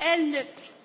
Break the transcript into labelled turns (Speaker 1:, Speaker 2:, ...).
Speaker 1: elnök